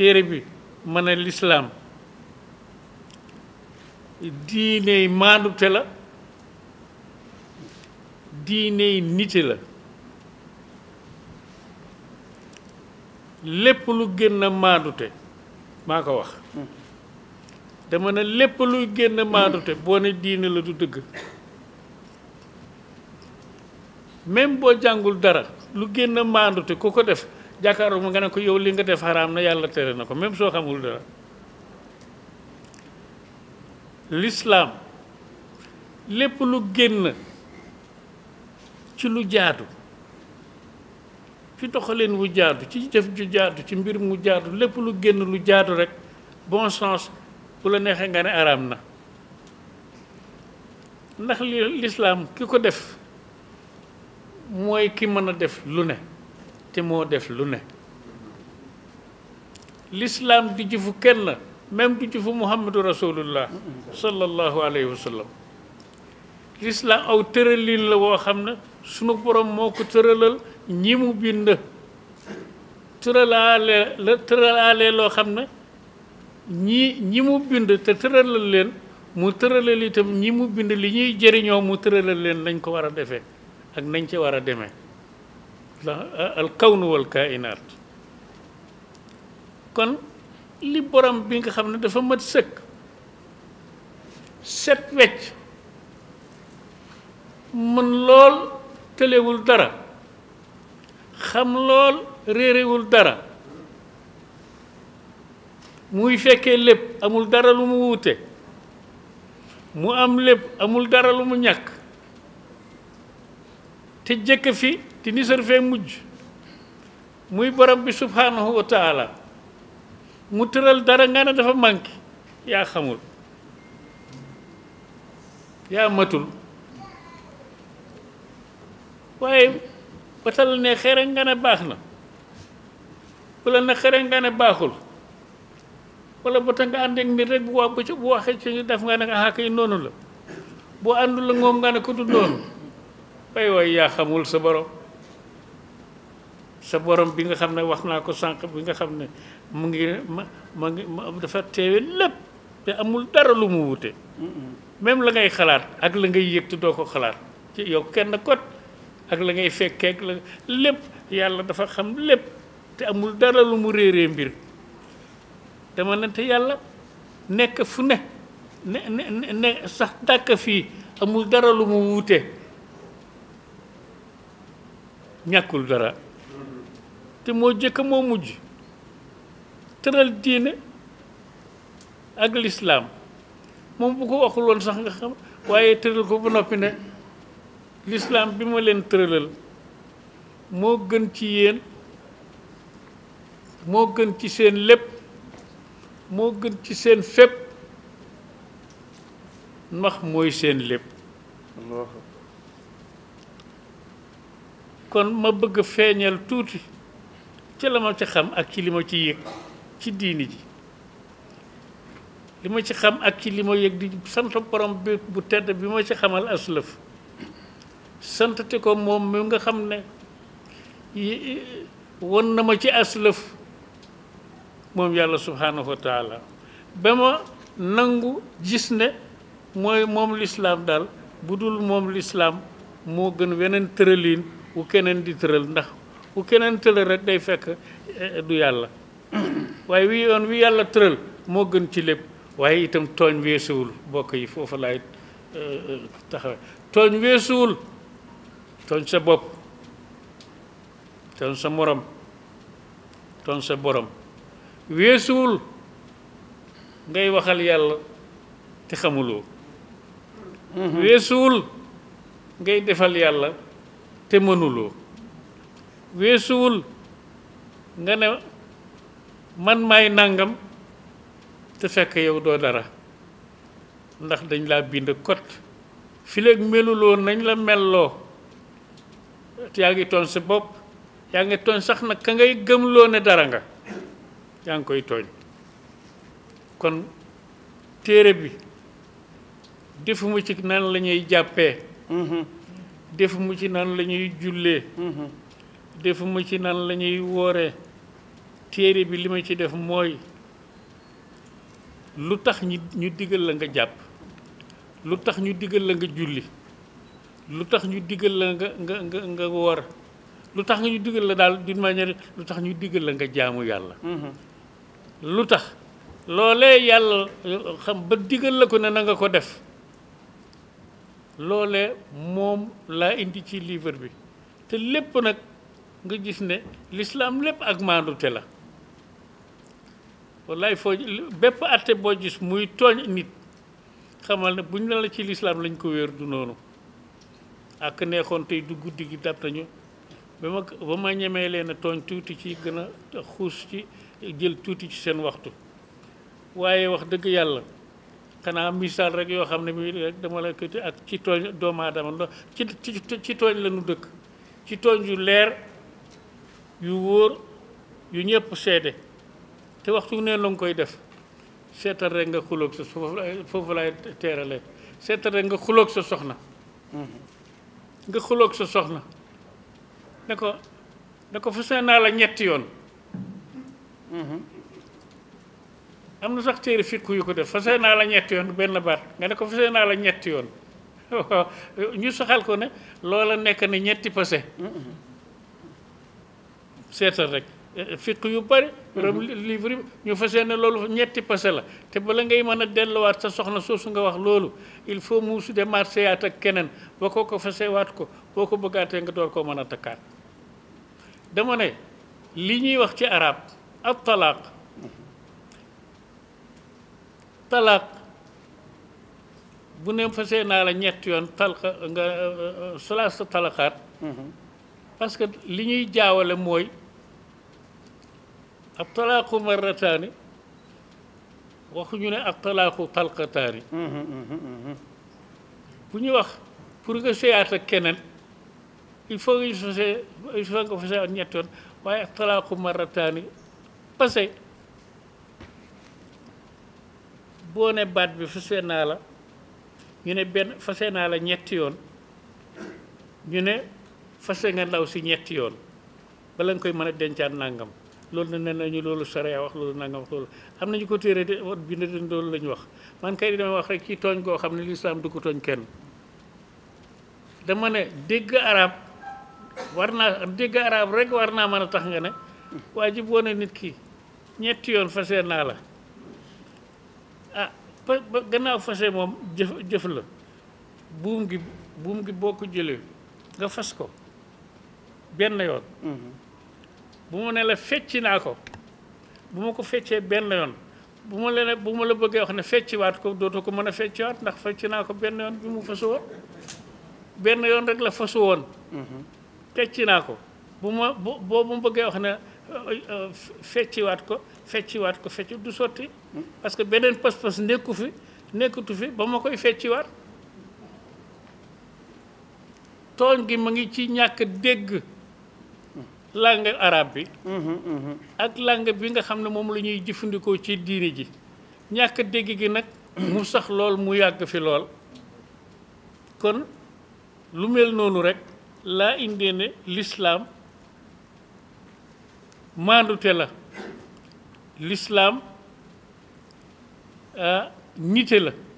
téere bi mën a lislaam diiney maandute la diiney niti la lépp lu gën a maandute maa ko wax hmm. dama ne lépp luy gën a maandute boo ne diine la du dëgg même boo jàngul dara lu gën a maandute ku ko def jàkkaaroo mu nga ne ko yow li nga def xaraam na yàlla tere na ko même soo xamul dara lislaam lépp lu génn ci lu jaadu ci doxalin wu jaadu ci jëf ju jaadu ci mbir mu jaadu lépp lu génn lu jaadu rek bon sens bu la neexee nga ne araam na ndax li lislaam ki ko def mooy ki mën a def lu ne te moo def lu ne l'islam du jëfu kenn même du jëfu muhammadu rasulullah sallallahu alayhi wa sallam l'islam aw tëralin la woo xam ne sunu borom moo ko tëralal ñi mu bind tëralaale loo xam ne ñi ñi mu bind te tëralal leen mu tëralal itam ñi mu bind li ñuy jëriñoo mu tëralal leen lañ ko war a defee ak nañ ci war a demee آه، الكون والكائنات كون لي بروم بيغا خامن دا فا مات سك سيت ويتش من لول تليول دارا خم لول ريريول دارا موي فكي لب امول دارا لومو ووتي مو ام لب امول دارا لومو نياك تجيك في Tini ni serve mujj muy borom bi subhanahu wa taala mu teural dara nga na dafa manki ya xamul ya matul way batal ne xere nga na baxna wala na xere nga na baxul wala bata nga ande ak rek bu wax bu waxe ci ñu def nga na ah kay la bu andul ngom nga na ko way ya xamul sa borom sa borom bi nga xamne ne wax naa ko sank bi nga xamne mu ngi ma ngi dafa teewe lepp té amul dara lu mu wuté même la ngay xalaat ak la ngay yëg do ko xalaat ci yow kenn ko ak la ngay fekkeeg ak lepp yalla dafa xam lepp té amul dara lu mu réré mbir dama ne té yalla nek fu ne ne ne sax dàkk fi amul dara lu mu wuté ñakul dara te moo jëkk moo mujj tëral diine ak lislaam moom bu ko waxul sax nga xam waaye tëral ko ba noppi ne lislaam bi ma leen tëralal moo gën ci yéen moo gën ci seen lépp moo gën ci seen fépp ndax mooy seen lépp kon ma bëgg feeñal tuuti ci la ma ci xam ak ci li ci yek ci diini ji li ci xam ak ci li yek di sant borom bi bu tedd bi ma ci xamal aslëf santate ko mom mi nga xam ne won na ma ci asluf, mom yalla subhanahu wa taala ba nangu gis ne moy mom l'islam dal budul mom l'islam mo gën wenen tëraliin wu kenen di tëral ndax bu keneen tëral rek day fekk eh, du yàlla waaye wi yoon wi yàlla tëral moo gën ci lépp waaye itam tooñ weesuwul bokk yi foofu laay eh, taxawe tooñ weesuwul tooñ sa bopp tooñ sa morom tooñ sa borom weesuwul ngay waxal yàlla te xamuloo mm-hmm. weesuwul ngay defal yàlla te mënuloo Wesul, nga ne man may nangam te fekk yow do dara ndax dañ la bind kot fileeg meluloo nañ la melloo ti ngi ton sa bop yaa ton sax yang ka ngay lo ne dara nga yaa koy togn kon téere bi def mu ci nan lañuy jappé hmm def mu ci nan lañuy hmm defuma ci naan la ñuy wooree téere bi li ma ci def mooy lu tax ñu digal la nga jàpp lu tax ñu digal la nga lu tax ñu digal la nga nga woor lu tax nga ñu diggal la daal d'une manière lu tax ñu digal la nga jaamu yàlla mm-hmm. lu tax loolee yàlla xam ba digal la ko ne na ko def loolee moom laa indi ci livre bi te lépp nag nga gis ne lislaam lépp ak maandute la wallaay foo bépp atte boo gis muy tooñ nit xamal ne buñ ne la ci lislaam lañ ko wéer du noonu ak neexoon tey du guddi gi dab nañu ba ma ba ma ñemee leen a tooñ tuuti ci gën a xuus ci jël tuuti ci seen waxtu waaye wax dëgg yàlla xanaa misaal rek yoo xam ne mi rek dama la kati ak ci tooñ doomu aadama ci tooñ la nu dëkk ci tooñ yu leer yu wóor yu ñëpp seede te waxtu ne la nga koy def seetal rek nga xuloog sa foofu seetal rek nga xuloog sa soxna mm-hmm. nga xuloog sa soxna ne ko ne ko fase naa la ñetti yoon mm-hmm. am na sax téere fiqu yu ko def fase naa la ñetti yoon benn baat nga ne ko fase naa la ñetti yoon ñu saxal ko ne loola nekk ne ñetti passé mm-hmm. seetal rek eh, eh, fiq yu bari mhm. rom livre ñu fassene lolu ñetti passé la té bala ngay mëna déllu waat sa soxna soosu nga wax lolu il faut musu de marché at ak kenen bako ko fassé waat ko boko bëggaté nga door ko mëna takkat dama né li ñuy wax ci arab at talaq talaq bu ne fassé na la ñett yoon talqa nga euh, euh, euh, sulas talaqat mhm. parce que li ñuy jaawale moy ak talaaku marrataani waxuñu ne ak talaaku talqataani mm-hmm, mm-hmm, mm-hmm. bu ñu wax pour nga séyaat ak keneen il faut que ñu fasee il faut nga fasee ak ñett yoon waaye ak talaaku marrataani parce que boo ne baat bi fasee naa la ñu ne benn fasee naa la ñetti yoon ñu ne fase nga ndaw si ñetti yoon bala nga koy mën a dencaat nangam loolu ne ñu loolu charia wax loolu nangam wax loolu am nañu ko téere de wat bind den loolu la ñu wax man kay dama wax rek ci tooñ koo xam ne lislaam du ko tooñ kenn dama ne dégg arab war naa dégg arab rek war naa mën a tax nga ne waa ji boo nit ki ñetti yoon fase naa la ah ba gannaaw fase moom jëf jëf la buum gi buum gi boo ko jëlee nga fas ko benn yoon mm-hmm. bu ma nee la fecci naa ko bu ma ko feccee benn yoon bu ma la bu ma la bëggee wax ne fecciwaat ko dootoo ko mën a fecciwaat ndax fecc naa ko benn yoon mu fasu benn yoon rek la fasu woon mm-hmm. naa ko bu ma bu boo bëggee wax ne euh, euh, fecciwaat ko fecciwaat ko fecci du sotti mm-hmm. parce que beneen pas-pas nekku fi nekkatu fi ba ma koy fecc fecciwaat tooñ gi ma ngi ci ñàkk dégg langue arabe bi. Mhm, mhm. ak langue bi nga xam ne moom lañuy jëfandikoo ci diire ji ñàkk dégg gi nag. mu sax lool mu yàgg fi lool. kon lu mel noonu rek laa indee ne lislaam maandute la lislaam euh, nite la.